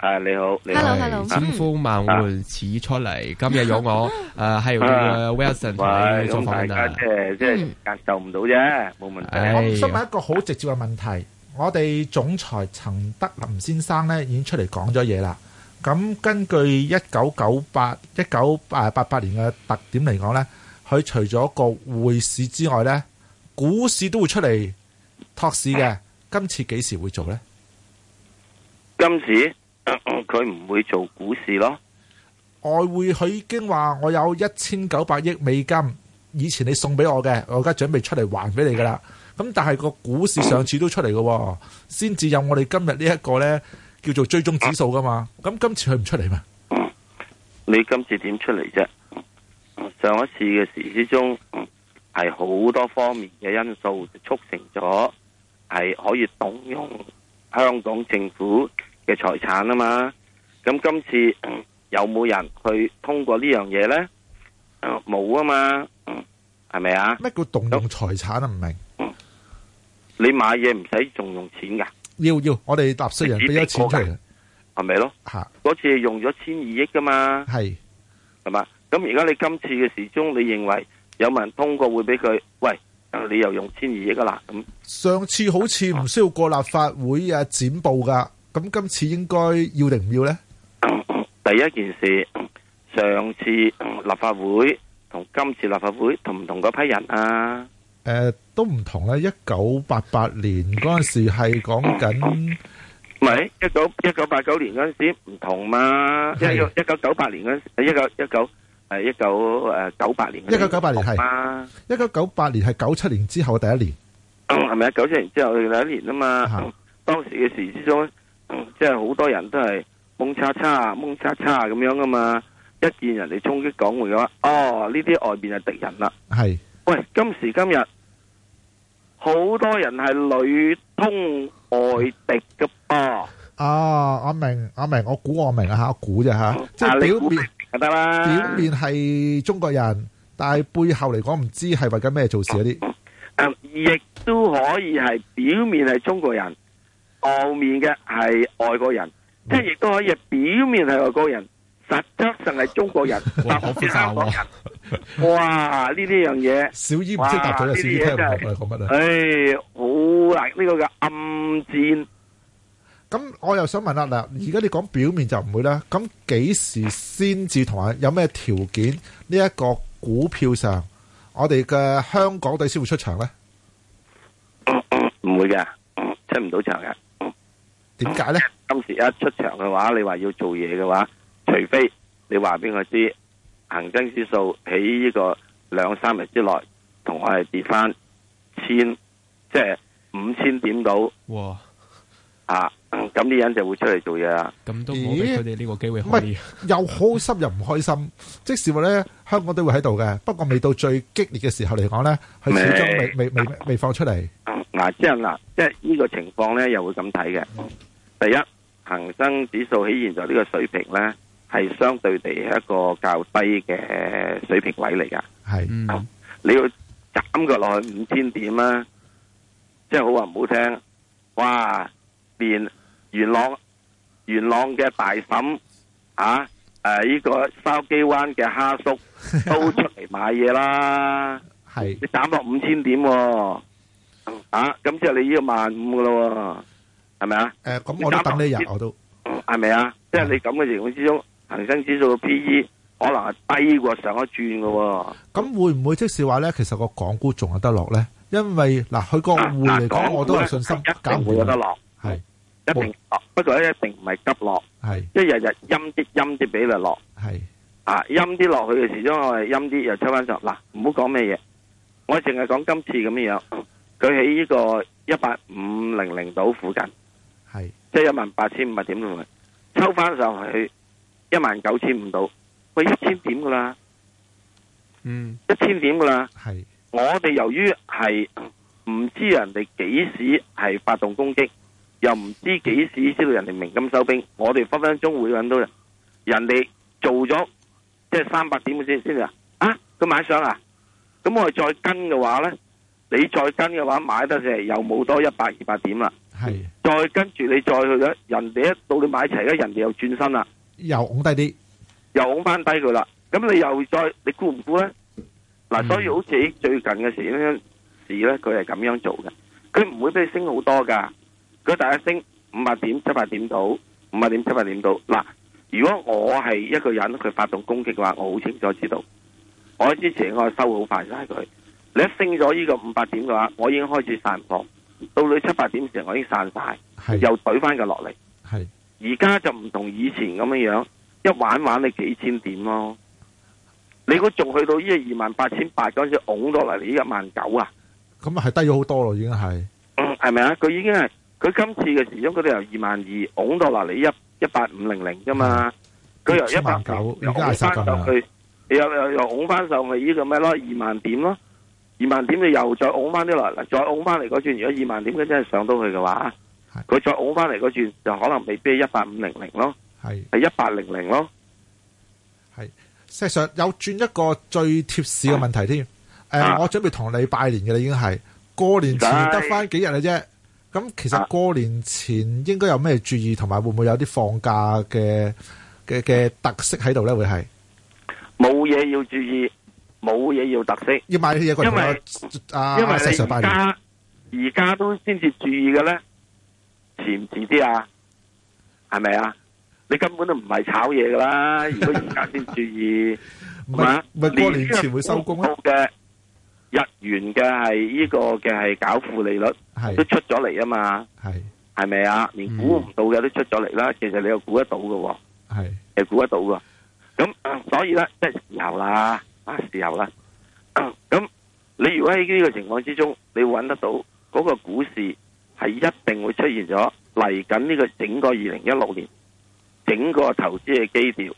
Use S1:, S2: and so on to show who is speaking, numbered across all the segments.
S1: 誒，你
S2: 好，你好，千呼萬
S3: 喚始出嚟，今日有我誒，係 Wilson 做訪問啊，即係即係接受唔到啫，冇問
S1: 題。我想問一
S4: 個好直接嘅問題，我哋總裁陳德霖先生咧已經出嚟講咗嘢啦。咁根據一九九八一九誒八八年嘅特點嚟講咧，佢除咗個匯市之外咧，股市都會出嚟托市嘅。今次幾時會做咧？
S1: 今次？佢唔會做股市咯，
S4: 外匯佢已經話我有一千九百億美金，以前你送俾我嘅，我而家準備出嚟還俾你噶啦。咁但係個股市上次都出嚟噶，先至有我哋今日呢一個呢叫做追蹤指數噶嘛。咁今次佢唔出嚟嘛、嗯？
S1: 你今次點出嚟啫？上一次嘅時之中係好多方面嘅因素促成咗，係可以動用香港政府。嘅財產啊嘛，咁今次、嗯、有冇人去通過呢樣嘢咧？冇啊嘛，係、嗯、咪啊？咩
S4: 叫動用財產啊？唔、嗯、明、嗯，
S1: 你買嘢唔使仲用錢噶？
S4: 要要，我哋納稅人俾咗錢出嚟，
S1: 係咪咯？吓，嗰次用咗千二億噶嘛，係係嘛？咁而家你今次嘅時鐘，你認為有冇人通過會俾佢？喂，你又用千二億噶啦？咁
S4: 上次好似唔需要過立法會啊，展報噶。咁今次應該要定唔要咧？
S1: 第一件事，上次立法會同今次立法會同唔同嗰批人啊？誒，
S4: 都唔同咧。一九八八年嗰陣時係講緊，
S1: 唔係一九一九八九年嗰陣時唔同嘛？一九一九九八年嗰陣時，一九一九誒一九誒九八年，一九九八年係嘛？
S4: 一九九八年係九七年之後嘅第一
S1: 年，係咪啊？九七年之後嘅第一年啊嘛，當時嘅時之中。嗯、即係好多人都係蒙查查、蒙查查咁樣噶嘛，一見人哋衝擊港會嘅話，哦呢啲外邊係敵人啦。係，喂，今時今日好多人係裡通外敵噶噃。
S4: 哦，阿明，阿明，我估我明啊，我估啫吓。即係
S1: 表面得啦、
S4: 啊，表面係中，中國人，但係背後嚟講唔知係為緊咩做事啲。誒、
S1: 嗯，亦、嗯、都可以係表面係中國人。外面嘅係外國人，嗯、即係亦都可以表面係外國人，實質上係中國人，我係唔係香港人哇！呢啲樣嘢，小姨唔識答咗到小姨聽唔明講乜啊？誒、哎，好啦，呢、這個嘅暗戰。
S4: 咁我又想問啦，嗱，而家你講表面就唔會啦，咁幾時先至同埋有咩條件？呢、這、一個股票上，我哋嘅香港隊先會出場咧？
S1: 唔會嘅，出唔到場嘅。點解咧？今時一出場嘅話，你話要做嘢嘅話，除非你話俾我知，恆生指數喺呢個兩三日之內，同我哋跌翻千，即係五千點到。
S4: 哇！
S1: 啊，咁啲人就會出嚟做嘢啦。
S4: 咁都冇俾佢哋呢個機會可以。係、欸欸欸、又好心又唔開心， 即使話咧，香港都會喺度嘅。不過未到最激烈嘅時候嚟講咧，佢始終未未未未放出嚟。
S1: 嗱、啊，即係嗱，即係呢個情況咧，又會咁睇嘅。嗯第一，恆生指數喺現在呢個水平咧，係相對地係一個較低嘅水平位嚟噶。係、嗯
S4: 啊，
S1: 你要斬佢落去五千點啦、啊，即係好話唔好聽，哇！連元朗、元朗嘅大嬸，吓、啊、誒，呢、啊啊這個筲箕灣嘅蝦叔都出嚟買嘢啦。係、 啊，啊嗯嗯啊、你斬落五千點，吓咁即係你呢個萬五噶咯。係咪啊？
S4: 誒、嗯，咁我都等呢日我都
S1: 係咪啊？即係你咁嘅情況之中，恒生指數嘅 P/E 可能係低過上一轉嘅、啊。咁、
S4: 啊啊、會唔會即是話咧？其實個港股仲有得落咧？因為嗱，佢個匯嚟講，我都係信心、啊那個、一定會有得落，
S1: 係一定落。不過咧，一定唔係急落，係即係日日陰啲陰啲俾佢落，係啊，陰啲落去嘅時終我係陰啲，又抽翻上。嗱，唔好講咩嘢，我淨係講今次咁嘅樣，佢喺呢個一八五零零度附近。係即係一萬八千五百點嘅位，抽翻上去一萬九千五到，喂一千點噶啦，嗯，一千點噶啦。係我哋由於係唔知人哋幾時係發動攻擊，又唔知幾時知道人哋鳴金收兵，我哋分分鐘會搵到人，人哋做咗即係三百點先啊！啊，佢買上啊，咁我哋再跟嘅話咧，你再跟嘅話買得嘅又冇多一百二百點啦。係，再跟住你再去咗，人哋一到你買齊咧，人哋又轉身啦，
S4: 又拱低啲，
S1: 又拱翻低佢啦。咁你又再，你估唔估咧？嗱、嗯，所以好似最近嘅時呢事咧，佢係咁樣做嘅，佢唔會俾你升好多噶。佢第一升五百點七百點到，五百點七百點到。嗱，如果我係一個人，佢發動攻擊嘅話，我好清楚知道，我之前我收好快啦。佢、就是、你一升咗呢個五百點嘅話，我已經開始散貨。到你七八點時候，我已經散晒，又懟翻佢落嚟。係而家就唔同以前咁樣樣，一玩玩你幾千點咯。你估仲去到呢個二萬八千八嗰陣，拱到落嚟呢一萬九啊？
S4: 咁啊，係低咗好多咯，已經係。
S1: 係、嗯、咪啊？佢已經係，佢今次嘅始終佢哋由二萬二拱到落嚟，你一一八五零零啫嘛。佢由一百九，而家係十零又現在又又拱翻上去呢個咩咯？二萬點咯。二萬點你又再拱翻啲落，再拱翻嚟嗰轉，如果二萬點嘅真係上到去嘅話，佢再拱翻嚟嗰轉，就可能未必係一八五零零咯，係係一八零零咯，係。
S4: 事實上有轉一個最貼士嘅問題添。誒、呃啊，我準備同你拜年嘅啦，已經係過年前得翻幾日嘅啫。咁其實過年前應該有咩注意，同、啊、埋會唔會有啲放假嘅嘅嘅特色喺度咧？會係
S1: 冇嘢要注意。冇嘢要特色，要買嘢因為，一因為啊，因為而家而家都先至注意嘅咧，遲唔遲啲啊？係咪啊？你根本都唔係炒嘢噶啦！ 如果而家先注意，唔 係過年前會收工啊？的日元嘅係呢個嘅係搞負利率，都出咗嚟，啊嘛，係係咪啊？連估唔到嘅都出咗嚟啦，其實你又估得到嘅喎，哦，係，係估得到嘅。咁，啊，所以咧，即係時候啦。啊，時候啦，咁你如果喺呢個情況之中，你揾得到嗰個股市係一定會出現咗嚟，緊呢個整個二零一六年整個投資嘅基調，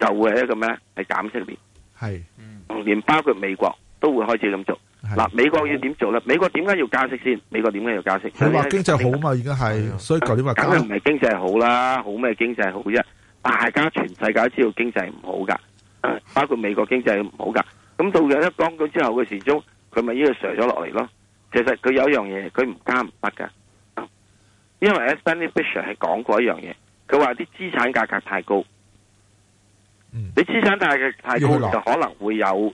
S1: 就會係一個咩？係減息年，係、嗯，連包括美國都會開始咁做。嗱，美國要點做咧？美國點解要加息先？美國點解要加息？佢話經
S4: 濟好嘛，而家係，所以頭先話梗係唔
S1: 係經濟好啦，好咩經濟好啫？大家全世界都知道經濟唔好噶。 包括美國經濟唔好噶，咁到咗一講咗之後嘅時中佢咪呢個上咗落嚟咯。其實佢有一樣嘢，佢唔加唔得噶，因為 Stanley Fisher 係講過一樣嘢，佢話啲資產價格太高，嗯、你資產價格太高就可能會有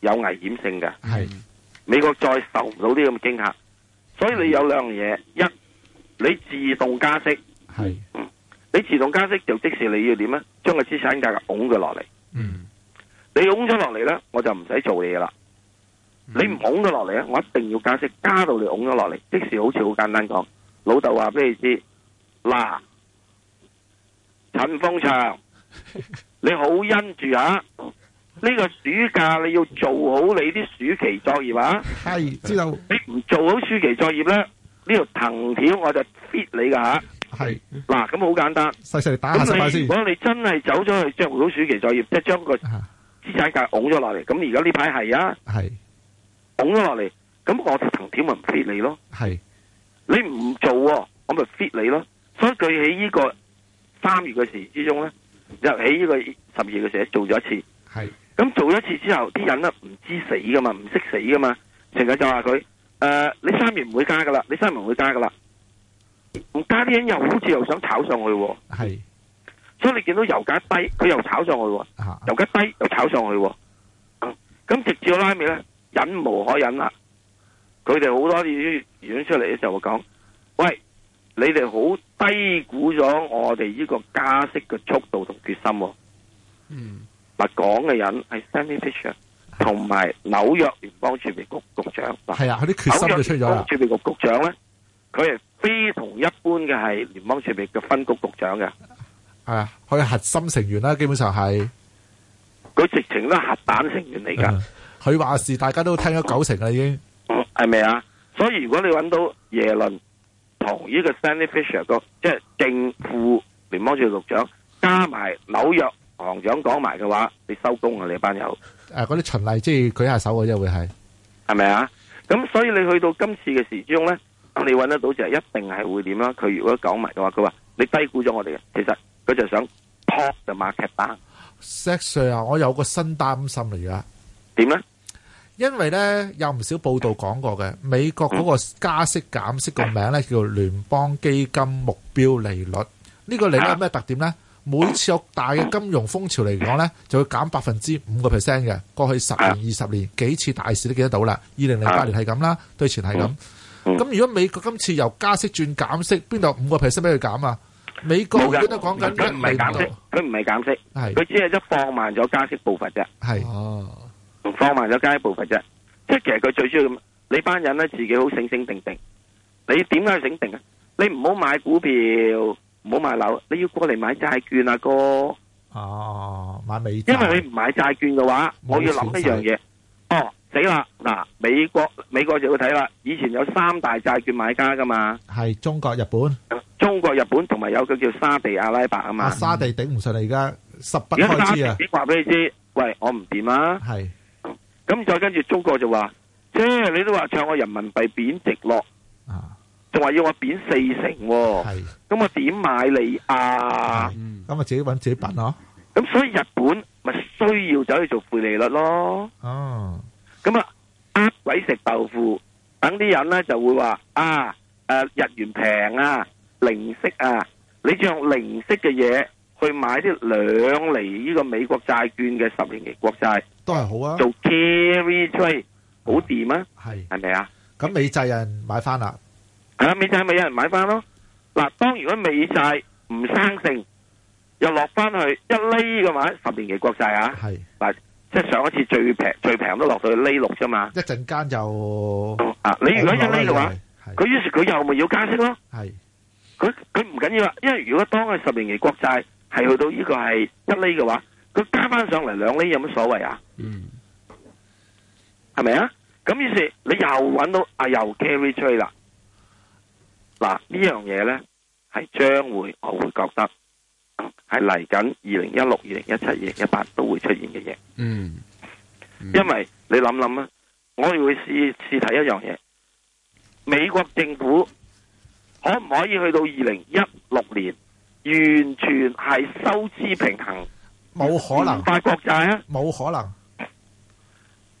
S1: 有危險性嘅。係美國再受唔到呢咁嘅驚嚇，所以你有兩樣嘢，一你自動加息，係，你自動加息就即時你要點咧，將個資產價格拱佢落嚟。嗯，你拱咗落嚟咧，我就唔使做嘢啦。你唔拱咗落嚟咧，我一定要加息加到你拱咗落嚟。即使好似好簡單講，老豆話俾你知：「嗱，陳風祥，你好恩住啊！呢個暑假你要做好你啲暑期作業啊！
S4: 係知道
S1: 你唔做好暑期作業咧，呢條藤條我就 fit 你噶吓。係嗱，咁好簡單，
S4: 細細打一下先。如
S1: 果你真係走咗去將老鼠期作業，即係將個資產價拱咗落嚟。咁而家呢排係啊，係拱咗落嚟。咁、啊、我層點咪唔 fit 你咯？係你唔做、哦，我咪 fit 你咯。所以佢喺呢個三月嘅時之中咧，又喺呢個十二月嘅時做咗一次。係咁做咗一次之後，啲人咧唔知死噶嘛，唔識死噶嘛。成日就話佢：誒、呃，你三月唔會加噶啦，你三月唔會加噶啦。唔加啲人又好似又想炒上去、啊，係，所以你見到油價低，佢又炒上去喎、啊啊，油價低又炒上去、啊，咁、嗯、咁直至拉尾咧，忍無可忍啦，佢哋好多嘢，引出嚟嘅時候講，喂，你哋好低估咗我哋呢個加息嘅速度同決心、啊，嗯、嗱、啊，講嘅人係 Stanley Fischer，同埋紐約聯邦儲備局局長，係啊，佢啲決心就出咗，儲備局局長咧，佢。非同一般嘅係聯邦儲備嘅分局局長
S4: 嘅，係、啊、佢核心成員啦、啊。基本上係
S1: 佢直情都係核彈成員嚟噶。
S4: 佢話事大家都聽咗九成啦，已經
S1: 係咪、嗯、啊？所以如果你揾到耶倫同呢個 Stanley Fischer 即係正副聯邦儲備局局長加埋紐約行長講埋嘅話，你收工啊！你班友
S4: 誒，嗰啲循例，即係舉下手嘅，就會係
S1: 係咪啊？咁、啊、所以你去到今次嘅時鐘咧？你揾得到就一定係會點啦。佢如果講埋嘅話，佢話你低估咗我哋嘅。其實佢就想 talk the market down。
S4: Sir 啊，我有個新擔心嚟㗎，而家
S1: 點咧？
S4: 因為咧有唔少報道講過嘅美國嗰個加息減息個名咧叫聯邦基金目標利率呢個利率有咩特點咧？每次有大嘅金融風潮嚟講咧，就會減百分之五個 percent 嘅。過去十年、二十年幾次大市都記得到啦。二零零八年係咁啦，對前係咁。咁如果美國今次由加息轉減息，邊度五個 percent 俾佢減啊？
S1: 美國佢都講緊，佢唔係減息，佢唔係減息，係佢只係一放慢咗加息步伐啫。係哦，放慢咗加息步伐啫。即係其實佢最主要咁，你班人咧自己好醒醒定定。你點解要醒定啊？你唔好買股票，唔好買樓，你要過嚟買債券啊哥。哦，
S4: 買美
S1: 因為你唔買債券嘅話，我要諗一樣嘢。哦。死啦！嗱，美國美國就要睇啦。以前有三大債券買家噶嘛，
S4: 係中國、日本、
S1: 中國、日本同埋有個叫沙地阿拉伯嘛啊嘛。沙地頂
S4: 唔順嚟，而家十不開支啊！我
S1: 話俾你知，喂，我唔掂啊！係咁再跟住中國就話，即係你都話唱我人民幣貶值落啊，仲話要我貶四成，係咁我點買你啊？
S4: 咁啊、嗯、自己搵自己笨囉！
S1: 咁、嗯、所以日本咪需要走去做負利率咯？哦。咁啊，呃鬼食豆腐，等啲人咧就會話啊，誒、啊，日元平啊，零息啊，你仲用零息嘅嘢去買啲兩厘呢個美國債券嘅十年期國債，
S4: 都係好啊，做
S1: carry trade 好掂啊，係係咪啊？
S4: 咁、啊、美債有人買翻啦？
S1: 係啊，美債咪有人買翻咯？嗱、啊，當如果美債唔生性，又落翻去一厘嘅話，十年期國債啊，係，嗱。即係上一次最平最平都落到去厘六啫嘛，
S4: 一陣間就
S1: 啊你如果一厘嘅話，佢、嗯就是、於是佢又咪要加息咯？係佢佢唔緊要啊，因為如果當佢十年期國債係去到呢個係一厘嘅話，佢加翻上嚟兩厘有乜所謂啊？嗯，係咪啊？咁於是你又揾到啊又 carry 追啦？嗱、啊、呢樣嘢咧係將會我會覺得。係嚟緊二零一六、二零一七、二零一八都會出現嘅嘢。嗯，嗯，因為你諗諗啊，我哋會試試睇一樣嘢。美國政府可唔可以去到二零一六年完全係收支平衡？
S4: 冇可能發國債啊！冇可能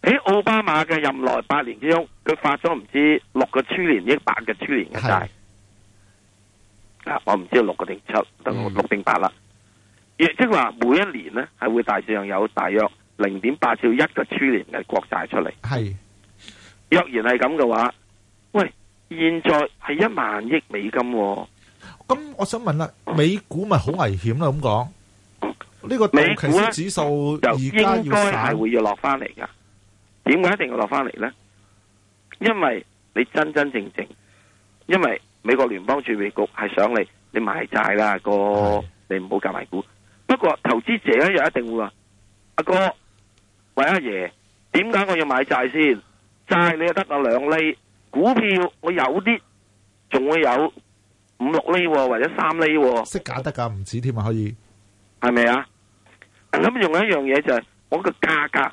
S1: 喺奧巴馬嘅任內八年之中，佢發咗唔知六個超年，一百個超年嘅債。我唔知道六個定七，六定八啦。亦即係話每一年咧係會大致上有大約零點八兆一個去年嘅國債出嚟。係，若然係咁嘅話，喂，現在係一萬億美金，哦，
S4: 咁我想問啦，美股咪好危險啦？咁講
S1: 呢個道瓊斯指數而家要散會要落翻嚟噶？點解一定要落翻嚟咧？因為你真真正正，因為。美國聯邦儲備局係想你，你買債啦，哥，你唔好夾埋股。不過投資者一樣一定會話：阿哥，喂，阿爺，點解我要買債先？債你又得個兩厘，股票我有啲仲會有五六厘、哦、或者三厘、哦。識
S4: 揀得噶，唔止添啊，可以
S1: 係咪啊？咁用一樣嘢就係、是、我個價格，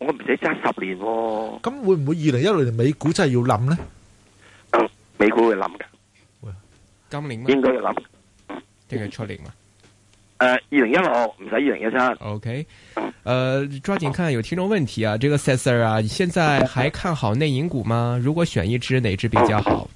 S1: 我唔使揸十年、哦。
S4: 咁會唔會二零一六年美股真係要冧咧？
S1: 美股會諗嘅，今年應該要諗，
S4: 定係出
S1: 年嘛？誒，二零一六唔使二零一七，OK、呃。
S3: 誒，抓緊看有聽眾問題啊，哦、這個 Cesar 啊，你現在還看好內銀股嗎？如果選一支哪一支比較好？
S1: 哦、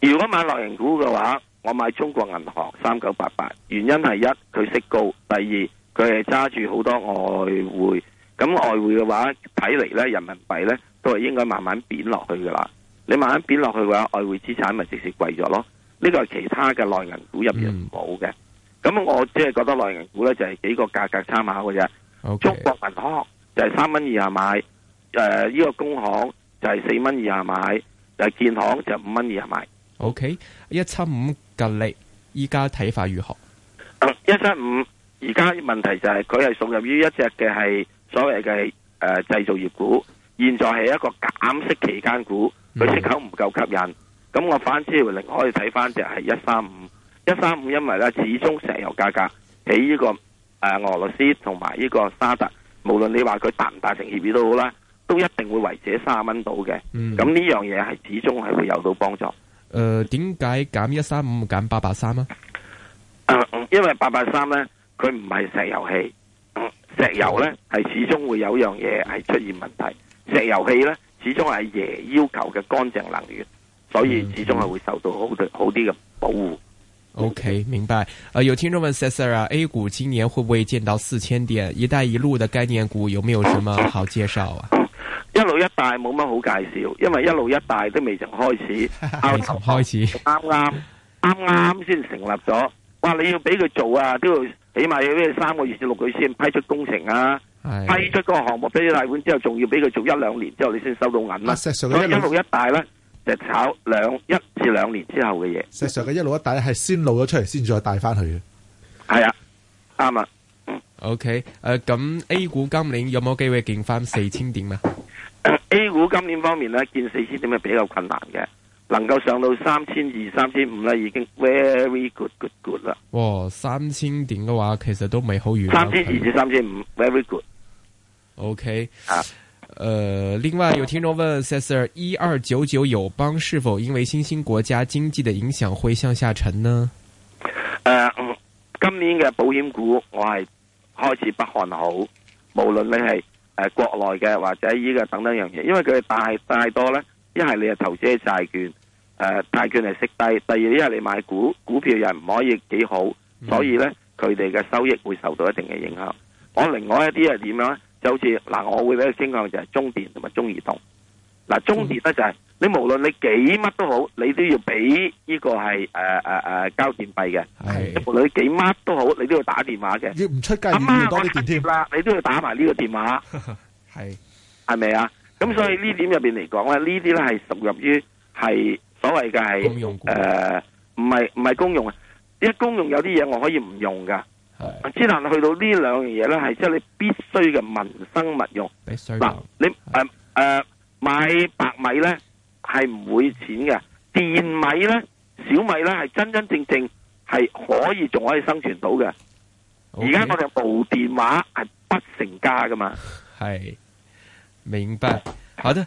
S1: 如果買內銀股嘅話，我買中國銀行三九八八，3988，原因係一佢息高，第二佢係揸住好多外匯，咁外匯嘅話睇嚟咧，人民幣咧都係應該慢慢貶落去噶啦。你慢慢貶落去嘅話，外匯資產咪直接貴咗咯？呢個係其他嘅內銀股入邊唔好嘅。咁、嗯、我即係覺得內銀股咧就係幾個價格參考嘅啫。Okay. 中國銀行就係三蚊二啊買，誒、呃、呢、這個工行就係四蚊二啊買，就是、建行就五蚊二啊買。
S3: O K，一七五吉利依家睇法如何？
S1: 一七五而家問題就係佢係屬於一隻嘅係所謂嘅誒製造業股，現在係一個減息期間股。佢、嗯、出口唔夠吸引，咁我反之，零可以睇翻只係一三五一三五，三五因為咧始終石油價格喺呢、這個誒、呃、俄羅斯同埋呢個沙特，無論你話佢達唔達成協議都好啦，都一定會維持三十蚊到嘅。咁、嗯、呢樣嘢係始終係會有到幫助。誒、
S3: 呃，點解減一三五減八八三啊？
S1: 因為八八三咧，佢唔係石油氣、嗯，石油咧係始終會有一樣嘢係出現問題，石油氣咧。始終係爺要求嘅乾淨能源，所以始終係會受到好啲、嗯、好啲嘅保護。
S3: OK，明白。誒、呃，有聽眾問石 Sir 啊，A 股今年會唔會見到四千點？一帶一路嘅概念股有冇有什麼好介紹啊？
S1: 哦哦、一路一帶冇乜好介紹，因為一路一帶都未曾開始，啱啱開始，啱啱啱啱先成立咗。哇，你要俾佢做啊，都要起碼要俾三個月至六個月先批出工程啊。批出個項目，畀你貸款之後，仲要俾佢做一兩年之後，你先收到銀啦。咁、啊、一路一帶咧，就炒兩一至兩年之後嘅嘢。實際上
S4: 嘅一路一帶係先露咗出嚟，先再帶翻去
S1: 嘅。係啊，啱、嗯、啊。OK
S3: 誒，咁 A 股今年有冇機會見翻四千點咧、
S1: 呃、？A 股今年方面咧，見四千點係比較困難嘅。能夠上到三千二、三千五啦，已經 very good good good 啦。
S3: 哇、哦，三千點嘅話，其實都未好遠、啊。三千二至三
S1: 千五，very good。
S3: OK。啊，呃，另外有聽眾問，Sir，一二九九友邦是否因為新興國家經濟嘅影響會向下沉呢？誒、
S1: 呃，今年嘅保險股我係開始不看好，無論你係誒國內嘅或者依個等等樣嘢，因為佢大大多咧，一係你係投資債券。誒、呃，債券係息低。第二因為你買股股票又唔可以幾好，所以咧佢哋嘅收益會受到一定嘅影響。我、嗯、另外一啲係點樣呢？就好似嗱，我會俾佢傾向就係中電同埋中移動。嗱，中電咧就係、是嗯、你無論你幾乜都好，你都要俾呢個係誒誒誒交電費嘅。係，無論你幾乜都好，你都要打電話嘅。要唔
S4: 出街、啊、要多
S1: 啲啦，你都要打埋呢個電話。
S4: 係
S1: 係咪啊？咁所以呢點入邊嚟講咧，呢啲咧係屬於係。所謂嘅係誒，唔係唔係公用啊！一、呃、公,公用有啲嘢我可以唔用噶，只能去到這兩個東西呢兩樣嘢咧，係即係你必須嘅民生物用。嗱，你誒誒、呃呃、買白米咧係唔會錢嘅，電米咧、小米咧係真真正正係可以仲可以生存到嘅。而家我哋部電話係不成家噶嘛？
S3: 係明白，好的。